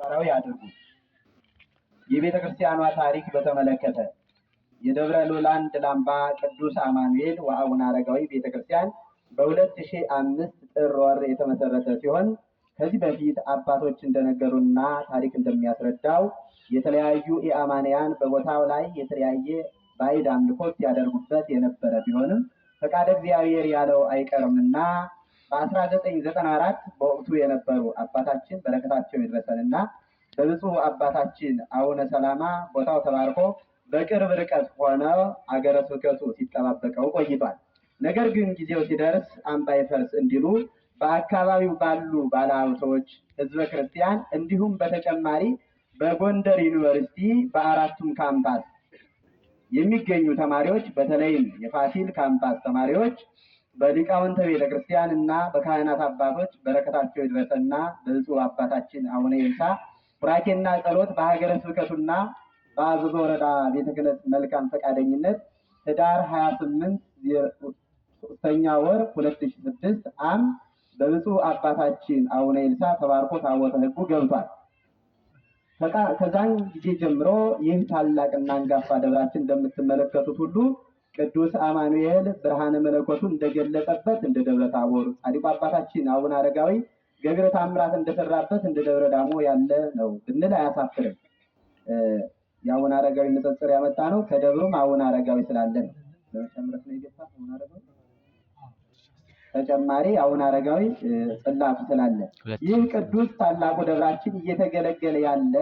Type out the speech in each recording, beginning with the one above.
መራዊ ያድርጉ። የቤተ ክርስቲያኗ ታሪክ በተመለከተ የደብረ ሎላን ድላምባ ቅዱስ አማኑኤል ወአቡነ አረጋዊ ቤተ ክርስቲያን በሁለት ሺህ አምስት ጥር ወር የተመሰረተ ሲሆን ከዚህ በፊት አባቶች እንደነገሩና ታሪክ እንደሚያስረዳው የተለያዩ የአማንያን በቦታው ላይ የተለያየ ባዕድ አምልኮት ያደርጉበት የነበረ ቢሆንም ፈቃደ እግዚአብሔር ያለው አይቀርምና በ1994 በወቅቱ የነበሩ አባታችን በረከታቸው ይድረሰን እና በብፁዕ አባታችን አቡነ ሰላማ ቦታው ተባርኮ በቅርብ ርቀት ሆነው አገረ ስብከቱ ሲጠባበቀው ቆይቷል። ነገር ግን ጊዜው ሲደርስ አምባይ ፈርስ እንዲሉ በአካባቢው ባሉ ባለሀብቶች፣ ህዝበ ክርስቲያን እንዲሁም በተጨማሪ በጎንደር ዩኒቨርሲቲ በአራቱም ካምፓስ የሚገኙ ተማሪዎች በተለይም የፋሲል ካምፓስ ተማሪዎች በሊቃውንተ ቤተ ክርስቲያን እና በካህናት አባቶች በረከታቸው ይድረሰና በብፁዕ አባታችን አቡነ ይምሳ ቡራኬና ጸሎት በሀገረ ስብከቱና በአዘዞ ወረዳ ቤተ ክህነት መልካም ፈቃደኝነት ህዳር 28 ሶስተኛ ወር 2006 ዓ.ም በብፁዕ አባታችን አቡነ ይልሳ ተባርኮ ታቦተ ሕጉ ገብቷል። ከዛን ጊዜ ጀምሮ ይህ ታላቅና አንጋፋ ደብራችን እንደምትመለከቱት ሁሉ ቅዱስ አማኑኤል ብርሃነ መለኮቱን እንደገለጸበት እንደ ደብረ ታቦር፣ ጻድቁ አባታችን አቡነ አረጋዊ ገቢረ ታምራት እንደሰራበት እንደ ደብረ ዳሞ ያለ ነው ብንል አያሳፍርም። የአቡነ አረጋዊ ንጽጽር ያመጣ ነው። ከደብሩም አቡነ አረጋዊ ስላለ ነው። ነው የገባ አቡነ አረጋዊ ተጨማሪ አቡነ አረጋዊ ጽላቱ ስላለ ይህ ቅዱስ ታላቁ ደብራችን እየተገለገለ ያለ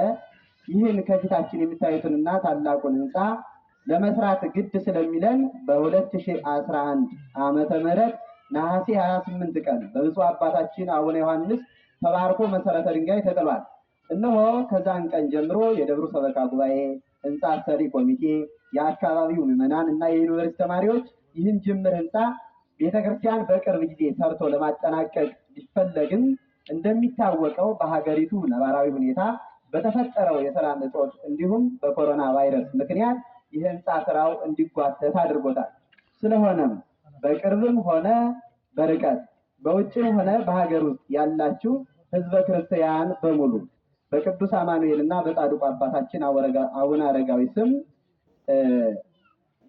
ይህን ከፊታችን የምታዩትንና ታላቁን ህንፃ ለመስራት ግድ ስለሚለን በ2011 ዓመተ ምህረት ነሐሴ 28 ቀን በብፁ አባታችን አቡነ ዮሐንስ ተባርኮ መሰረተ ድንጋይ ተጥሏል። እነሆ ከዛን ቀን ጀምሮ የደብሩ ሰበካ ጉባኤ፣ ህንፃ ሰሪ ኮሚቴ፣ የአካባቢው ምዕመናን እና የዩኒቨርሲቲ ተማሪዎች ይህን ጅምር ህንፃ ቤተክርስቲያን በቅርብ ጊዜ ሰርቶ ለማጠናቀቅ ቢፈለግም እንደሚታወቀው በሀገሪቱ ነባራዊ ሁኔታ በተፈጠረው የሰላም እጦት እንዲሁም በኮሮና ቫይረስ ምክንያት የህንፃ ስራው እንዲጓተት አድርጎታል። ስለሆነም በቅርብም ሆነ በርቀት በውጭም ሆነ በሀገር ውስጥ ያላችሁ ህዝበ ክርስቲያን በሙሉ በቅዱስ አማኑኤል እና በጻድቁ አባታችን አቡነ አረጋዊ ስም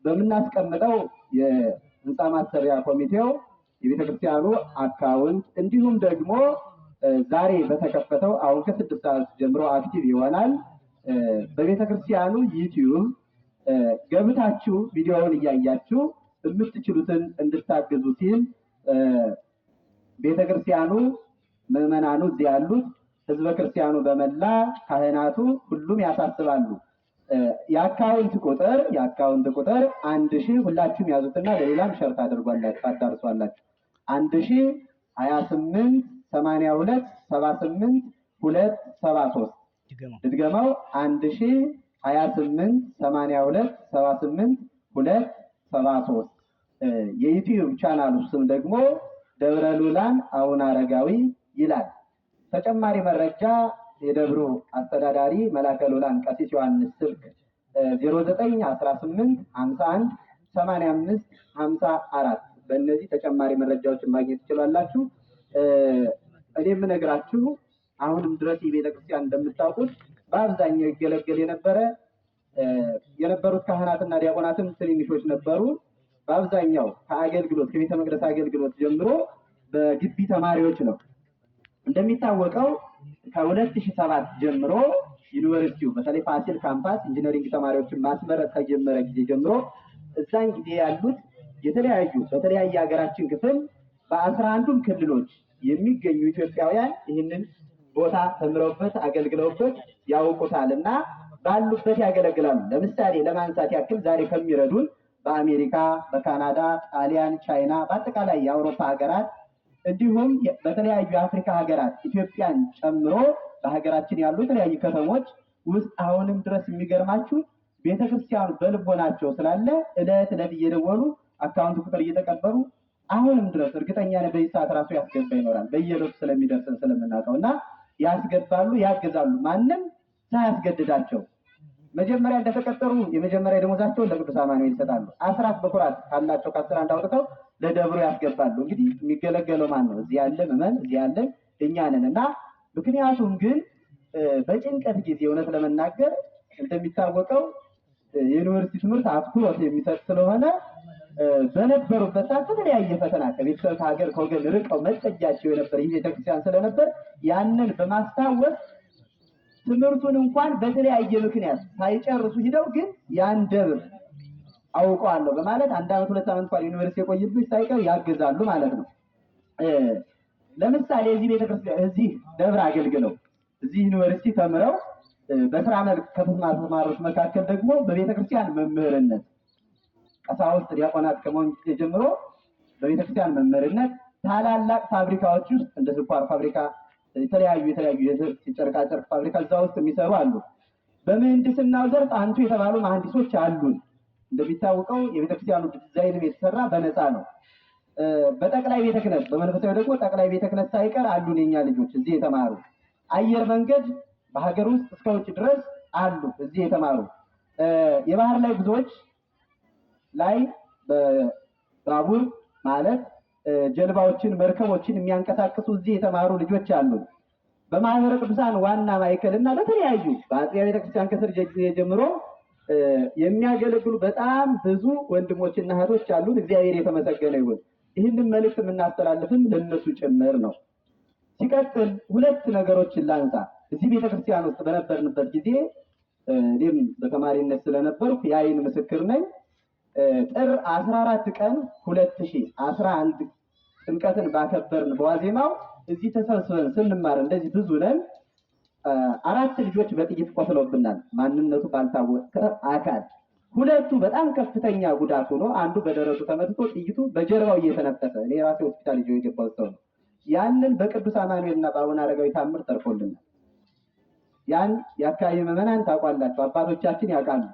በምናስቀምጠው የህንፃ ማሰሪያ ኮሚቴው የቤተ ክርስቲያኑ አካውንት እንዲሁም ደግሞ ዛሬ በተከፈተው አሁን ከስድስት ሰዓት ጀምሮ አክቲቭ ይሆናል። በቤተ ክርስቲያኑ ዩቲዩብ ገብታችሁ ቪዲዮውን እያያችሁ የምትችሉትን እንድታግዙ ሲል ቤተክርስቲያኑ፣ ምዕመናኑ፣ እዚህ ያሉት ህዝበ ክርስቲያኑ በመላ ካህናቱ፣ ሁሉም ያሳስባሉ። የአካውንት ቁጥር የአካውንት ቁጥር አንድ ሺህ ሁላችሁም ያዙትና ለሌላም ሸርት አድርጓላችሁ አዳርሷላችሁ አንድ ሺህ ሀያ ስምንት ሰማንያ ሁለት ሰባ ስምንት ሁለት ሰባ ሶስት ድገመው አንድ ሺህ ሀያ ስምንት ሰማንያ ሁለት ሰባ ስምንት ሁለት ሰባ ሶስት የዩቲዩብ ቻናሉ ስም ደግሞ ደብረ ሉላን አቡነ አረጋዊ ይላል። ተጨማሪ መረጃ የደብሩ አስተዳዳሪ መላከ ሉላን ቀሲስ ዮሐንስ ስልክ 0918 51 85 54 በእነዚህ ተጨማሪ መረጃዎችን ማግኘት ትችላላችሁ። እኔ የምነግራችሁ አሁንም ድረስ ቤተክርስቲያን እንደምታውቁት በአብዛኛው ይገለገል የነበረ የነበሩት ካህናትና ዲያቆናትም ትንንሾች ነበሩ። በአብዛኛው ከአገልግሎት ከቤተ መቅደስ አገልግሎት ጀምሮ በግቢ ተማሪዎች ነው። እንደሚታወቀው ከ 207 ጀምሮ ዩኒቨርሲቲው በተለይ ፋሲል ካምፓስ ኢንጂነሪንግ ተማሪዎችን ማስመረጥ ከጀመረ ጊዜ ጀምሮ እዛን ጊዜ ያሉት የተለያዩ በተለያየ ሀገራችን ክፍል በአስራ አንዱም ክልሎች የሚገኙ ኢትዮጵያውያን ይህንን ቦታ ተምረውበት አገልግለውበት ያውቁታል እና ባሉበት ያገለግላሉ። ለምሳሌ ለማንሳት ያክል ዛሬ ከሚረዱን በአሜሪካ፣ በካናዳ፣ ጣሊያን፣ ቻይና በአጠቃላይ የአውሮፓ ሀገራት እንዲሁም በተለያዩ የአፍሪካ ሀገራት ኢትዮጵያን ጨምሮ በሀገራችን ያሉ የተለያዩ ከተሞች ውስጥ አሁንም ድረስ የሚገርማችሁ ቤተክርስቲያኑ በልቦናቸው ስላለ እለት እለት እየደወሉ አካውንት ቁጥር እየተቀበሉ አሁንም ድረስ እርግጠኛ ነ በዚህ ሰዓት ራሱ ያስገባ ይኖራል በየለቱ ስለሚደርስን ስለምናውቀው እና ያስገባሉ፣ ያግዛሉ። ማንም ሳያስገድዳቸው መጀመሪያ እንደተቀጠሩ የመጀመሪያ ደሞዛቸውን ለቅዱስ አማኑኤል ይሰጣሉ። አስራት በኩራት ካላቸው ከአስር አንድ አውጥተው ለደብሩ ያስገባሉ። እንግዲህ የሚገለገለው ማን ነው? እዚህ ያለ ምዕመን፣ እዚህ ያለ እኛ ነን እና ምክንያቱም ግን በጭንቀት ጊዜ እውነት ለመናገር እንደሚታወቀው የዩኒቨርሲቲ ትምህርት አትኩሮት የሚሰጥ ስለሆነ በነበሩበት ሰዓት በተለያየ ፈተና ከቤተሰብ ከሀገር ከወገን ርቀው መጠጃቸው የነበር ይህ ቤተክርስቲያን ስለነበር ያንን በማስታወስ ትምህርቱን እንኳን በተለያየ ምክንያት ሳይጨርሱ ሂደው ግን ያን ደብር አውቀዋለሁ በማለት አንድ ዓመት ሁለት ዓመት እንኳን ዩኒቨርሲቲ የቆይብኝ ሳይቀር ያግዛሉ ማለት ነው። ለምሳሌ እዚህ ቤተክርስቲያን እዚህ ደብር አገልግለው እዚህ ዩኒቨርሲቲ ተምረው በስራ መልክ ከተማሩት መካከል ደግሞ በቤተክርስቲያን መምህርነት ቀሳውስት፣ ዲያቆናት ከመሆን ጊዜ ጀምሮ በቤተክርስቲያን መምህርነት ታላላቅ ፋብሪካዎች ውስጥ እንደ ስኳር ፋብሪካ፣ የተለያዩ የተለያዩ የጨርቃጨርቅ ፋብሪካ እዛ ውስጥ የሚሰሩ አሉ። በምህንድስናው ዘርፍ አንቱ የተባሉ መሀንዲሶች አሉን። እንደሚታወቀው የቤተክርስቲያኑ ዲዛይንም የተሰራ በነፃ ነው። በጠቅላይ ቤተ ክህነት በመንፈሳዊ ደግሞ ጠቅላይ ቤተ ክህነት ሳይቀር አሉን የኛ ልጆች እዚህ የተማሩ። አየር መንገድ በሀገር ውስጥ እስከ ውጭ ድረስ አሉ እዚህ የተማሩ። የባህር ላይ ጉዞዎች ላይ በባቡር ማለት ጀልባዎችን፣ መርከቦችን የሚያንቀሳቅሱ እዚህ የተማሩ ልጆች አሉ። በማህበረ ቅዱሳን ዋና ማዕከል እና በተለያዩ በአጽያ ቤተክርስቲያን ከስር ጀምሮ የሚያገለግሉ በጣም ብዙ ወንድሞችና እህቶች አሉን። እግዚአብሔር የተመሰገነ ይሁን። ይህንን መልእክት የምናስተላልፍም ለእነሱ ጭምር ነው። ሲቀጥል ሁለት ነገሮችን ላንሳ። እዚህ ቤተክርስቲያን ውስጥ በነበርንበት ጊዜ እኔም በተማሪነት ስለነበርኩ የአይን ምስክር ነኝ። ጥር 14 ቀን 2011 ጥምቀትን ባከበርን በዋዜማው እዚህ ተሰብስበን ስንማር እንደዚህ ብዙ ነን። አራት ልጆች በጥይት ቆስለውብናል፣ ማንነቱ ባልታወቀ አካል። ሁለቱ በጣም ከፍተኛ ጉዳት ሆኖ አንዱ በደረቱ ተመትቶ ጥይቱ በጀርባው እየተነፈሰ፣ እኔ ራሴ ሆስፒታል ይዤ የገባው ሰው ነው። ያንን በቅዱስ እና በአቡነ አረጋዊ ታምር ጠርፎልናል። ያን የአካባቢ ምዕመናን ታውቋላቸው አባቶቻችን ያውቃሉ።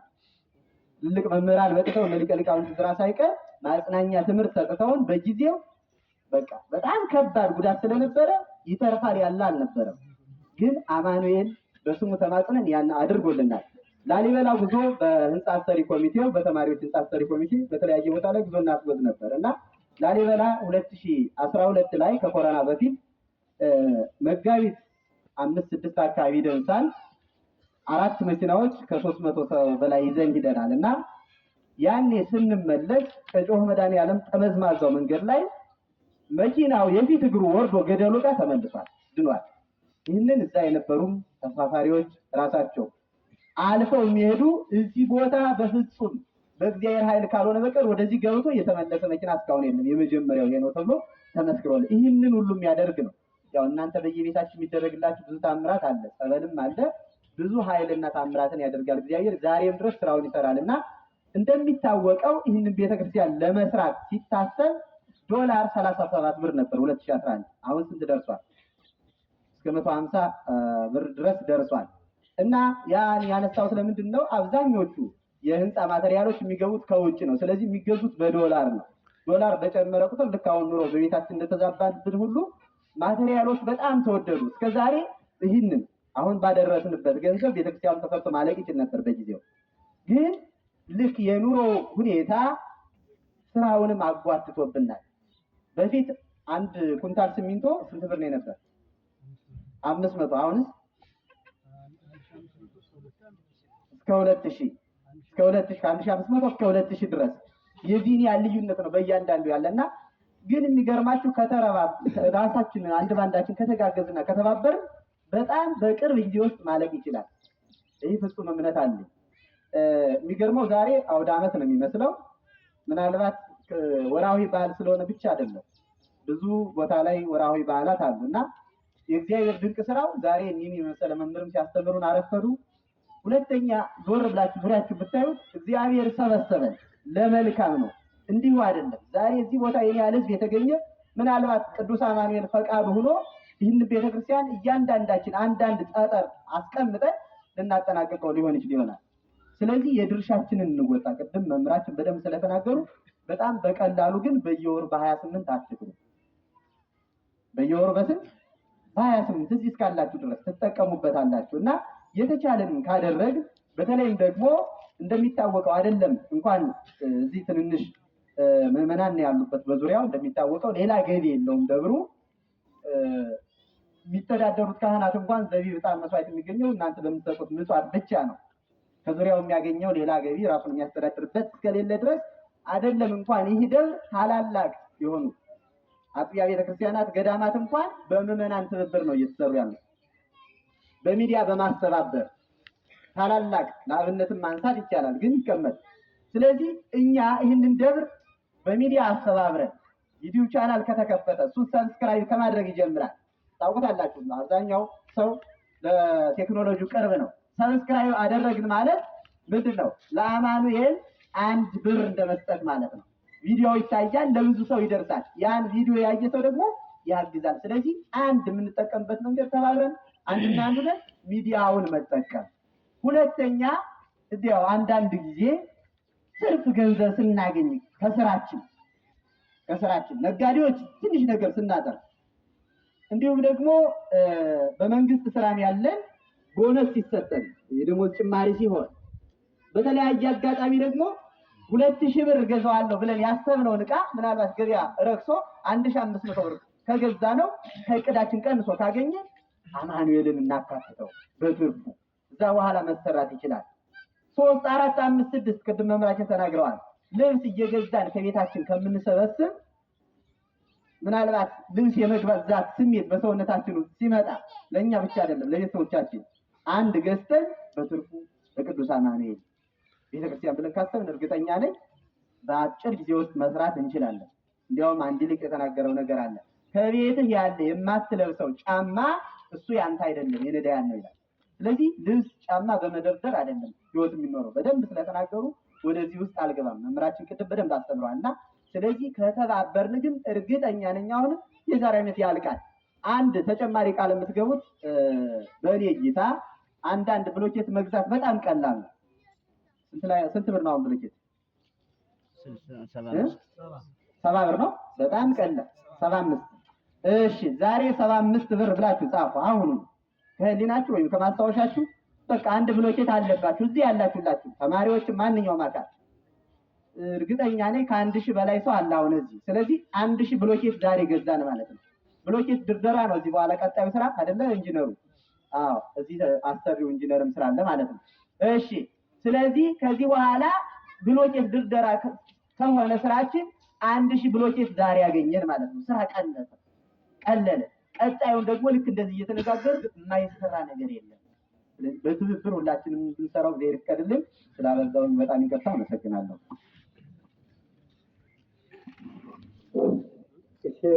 ትልቅ መምህራን በቅተው እነ ሊቀ ሊቃውንት ስራ ሳይቀር ማጽናኛ ትምህርት ሰጥተውን በጊዜው በቃ በጣም ከባድ ጉዳት ስለነበረ ይተርፋል ያለ አልነበረም። ግን አማኑኤል በስሙ ተማጽነን ያን አድርጎልናል። ላሊበላ ጉዞ በህንፃ አሰሪ ኮሚቴው በተማሪዎች ህንፃ አሰሪ ኮሚቴ በተለያየ ቦታ ላይ ጉዞ እናስጎዝ ነበር እና ላሊበላ ሁለት አስራ ሁለት ላይ ከኮሮና በፊት መጋቢት አምስት ስድስት አካባቢ ደንሳል አራት መኪናዎች ከሶስት መቶ በላይ ይዘን ሂደናል እና ያኔ ስንመለስ ከጮህ መድኃኔዓለም ጠመዝማዛው መንገድ ላይ መኪናው የፊት እግሩ ወርዶ ገደሉ ጋር ተመልሷል፣ ድኗል። ይህንን እዛ የነበሩም ተሳፋሪዎች ራሳቸው አልፈው የሚሄዱ እዚህ ቦታ በፍጹም በእግዚአብሔር ኃይል ካልሆነ በቀር ወደዚህ ገብቶ የተመለሰ መኪና እስካሁን የለም፣ የመጀመሪያው ይሄ ነው ተብሎ ተመስክሯል። ይህንን ሁሉ የሚያደርግ ነው። ያው እናንተ በየቤታችሁ የሚደረግላችሁ ብዙ ታምራት አለ፣ ጸበልም አለ ብዙ ኃይልና ታምራትን ያደርጋል እግዚአብሔር ዛሬም ድረስ ስራውን ይሰራል እና እንደሚታወቀው ይህንን ቤተክርስቲያን ለመስራት ሲታሰብ ዶላር 37 ብር ነበር 2011 አሁን ስንት ደርሷል እስከ 150 ብር ድረስ ደርሷል እና ያን ያነሳው ለምንድን ነው አብዛኞቹ የህንፃ ማቴሪያሎች የሚገቡት ከውጭ ነው ስለዚህ የሚገዙት በዶላር ነው ዶላር በጨመረ ቁጥር ልክ አሁን ኑሮ በቤታችን እንደተዛባብን ሁሉ ማቴሪያሎች በጣም ተወደዱ እስከዛሬ ይህንን አሁን ባደረስንበት ገንዘብ ቤተክርስቲያን ተሰርቶ ማለቅ ይችል ነበር። በጊዜው ግን ልክ የኑሮ ሁኔታ ስራውንም አጓትቶብናል። በፊት አንድ ኩንታል ሲሚንቶ ስንት ብር ነው የነበር? አምስት መቶ አሁንስ እስከ ሁለት ሺህ እስከ ሁለት ከአንድ ሺ አምስት መቶ እስከ ሁለት ድረስ የዚህን ያህል ልዩነት ነው በእያንዳንዱ ያለና ግን የሚገርማችሁ ከተረባ ራሳችን አንድ ባንዳችን ከተጋገዝና ከተባበር በጣም በቅርብ ጊዜ ውስጥ ማለቅ ይችላል። ይህ ፍጹም እምነት አለ። የሚገርመው ዛሬ አውደ ዓመት ነው የሚመስለው። ምናልባት ወራዊ በዓል ስለሆነ ብቻ አይደለም፣ ብዙ ቦታ ላይ ወራዊ በዓላት አሉ እና የእግዚአብሔር ድንቅ ስራው ዛሬ እኒህን የመሰለ መምህርም ሲያስተምሩን አረፈዱ። ሁለተኛ ዞር ብላችሁ ዙሪያችሁ ብታዩት እግዚአብሔር ሰበሰበን ለመልካም ነው፣ እንዲሁ አይደለም። ዛሬ እዚህ ቦታ ይህ የተገኘ ምናልባት ቅዱስ አማኑኤል ፈቃዱ ሆኖ ይህን ቤተክርስቲያን እያንዳንዳችን አንዳንድ ጠጠር አስቀምጠን ልናጠናቀቀው ሊሆን ይችል ይሆናል። ስለዚህ የድርሻችንን እንወጣ። ቅድም መምህራችን በደንብ ስለተናገሩ በጣም በቀላሉ ግን በየወሩ በሀያ ስምንት አትግሩ። በየወሩ በስንት በሀያ ስምንት እዚህ እስካላችሁ ድረስ ትጠቀሙበታላችሁ እና የተቻለን ካደረግ በተለይም ደግሞ እንደሚታወቀው አይደለም እንኳን እዚህ ትንንሽ ምዕመናን ያሉበት በዙሪያው እንደሚታወቀው ሌላ ገቢ የለውም ደብሩ የሚተዳደሩት ካህናት እንኳን ዘቢብ፣ ዕጣን፣ መስዋዕት የሚገኘው እናንተ በምትሰጡት ምጽዋት ብቻ ነው። ከዙሪያው የሚያገኘው ሌላ ገቢ ራሱን የሚያስተዳድርበት እስከሌለ ድረስ አይደለም እንኳን ይህ ደብር ታላላቅ የሆኑ አጥቢያ ቤተክርስቲያናት፣ ገዳማት እንኳን በምዕመናን ትብብር ነው እየተሰሩ ያሉት። በሚዲያ በማስተባበር ታላላቅ ለአብነትን ማንሳት ይቻላል፣ ግን ይቀመጥ። ስለዚህ እኛ ይህንን ደብር በሚዲያ አስተባብረን ዩቲዩብ ቻናል ከተከፈተ እሱ ሰብስክራይብ ከማድረግ ይጀምራል። ታውቁታላችሁ። አብዛኛው ሰው ለቴክኖሎጂው ቅርብ ነው። ሰብስክራይብ አደረግን ማለት ምንድን ነው? ለአማኑኤል አንድ ብር እንደመስጠት ማለት ነው። ቪዲዮ ይታያል፣ ለብዙ ሰው ይደርሳል። ያን ቪዲዮ ያየ ሰው ደግሞ ያግዛል። ስለዚህ አንድ የምንጠቀምበት መንገድ ተባብረን አንድና አንድ ሚዲያውን መጠቀም። ሁለተኛ እንዲያው አንዳንድ ጊዜ ትርፍ ገንዘብ ስናገኝ ከስራችን ከስራችን ነጋዴዎች ትንሽ ነገር ስናጠር እንዲሁም ደግሞ በመንግስት ስራም ያለን ቦነስ ሲሰጠን የደሞዝ ጭማሪ ሲሆን በተለያየ አጋጣሚ ደግሞ ሁለት ሺህ ብር ገዛዋለሁ ብለን ያሰብነውን እቃ ምናልባት ገበያ ረክሶ አንድ ሺህ አምስት መቶ ብር ከገዛ ነው ከእቅዳችን ቀንሶ ካገኘ አማኑኤልን እናካትተው በትርፉ እዛ በኋላ መሰራት ይችላል። ሶስት አራት አምስት ስድስት ቅድም መምራችን ተናግረዋል። ልብስ እየገዛን ከቤታችን ከምንሰበስብ ምናልባት ልብስ የመግባት ዛት ስሜት በሰውነታችን ውስጥ ሲመጣ ለእኛ ብቻ አይደለም ለቤተሰቦቻችን አንድ ገዝተን በትርፉ ለቅዱስ አማኑኤል ቤተክርስቲያን ብለን ካሰብን እርግጠኛ ነኝ በአጭር ጊዜ ውስጥ መስራት እንችላለን። እንዲያውም አንድ ሊቅ የተናገረው ነገር አለ። ከቤትህ ያለ የማትለብሰው ጫማ እሱ ያንተ አይደለም የነዳያን ነው ይላል። ስለዚህ ልብስ፣ ጫማ በመደርደር አይደለም ህይወት የሚኖረው። በደንብ ስለተናገሩ ወደዚህ ውስጥ አልገባም። መምህራችን ቅድም በደንብ አስተምረዋል እና ስለዚህ ከተባበርን ግን እርግጠኛ ነኝ አሁንም የዛሬ አይነት ያልቃል። አንድ ተጨማሪ ቃል የምትገቡት በእኔ እይታ አንዳንድ ብሎኬት መግዛት በጣም ቀላል ነው። ስንት ብር ነው አሁን ብሎኬት? ሰባ ብር ነው። በጣም ቀላል ሰባ አምስት እሺ፣ ዛሬ ሰባ አምስት ብር ብላችሁ ጻፉ። አሁኑ ከህሊናችሁ ወይም ከማስታወሻችሁ በቃ አንድ ብሎኬት አለባችሁ እዚህ ያላችሁላችሁ ተማሪዎች፣ ማንኛውም አካል እርግጠኛ ነኝ ከአንድ ሺህ በላይ ሰው አለ አሁን እዚህ። ስለዚህ አንድ ሺህ ብሎኬት ዳር ይገዛል ማለት ነው። ብሎኬት ድርደራ ነው እዚህ በኋላ ቀጣዩ ስራ አይደለ ኢንጂነሩ? አዎ እዚህ አሰሪው ኢንጂነርም ስራ አለ ማለት ነው። እሺ ስለዚህ ከዚህ በኋላ ብሎኬት ድርደራ ከሆነ ስራችን አንድ ሺህ ብሎኬት ዳር ያገኘን ማለት ነው። ስራ ቀለለ ቀለለ። ቀጣዩን ደግሞ ልክ እንደዚህ እየተነጋገር የማይሰራ ነገር የለም። በትብብር ሁላችንም ብንሰራው እግዚአብሔር ይፍቀድልን። ስላበዛውኝ በጣም ይቅርታ፣ አመሰግናለሁ። ਕਿਸੇ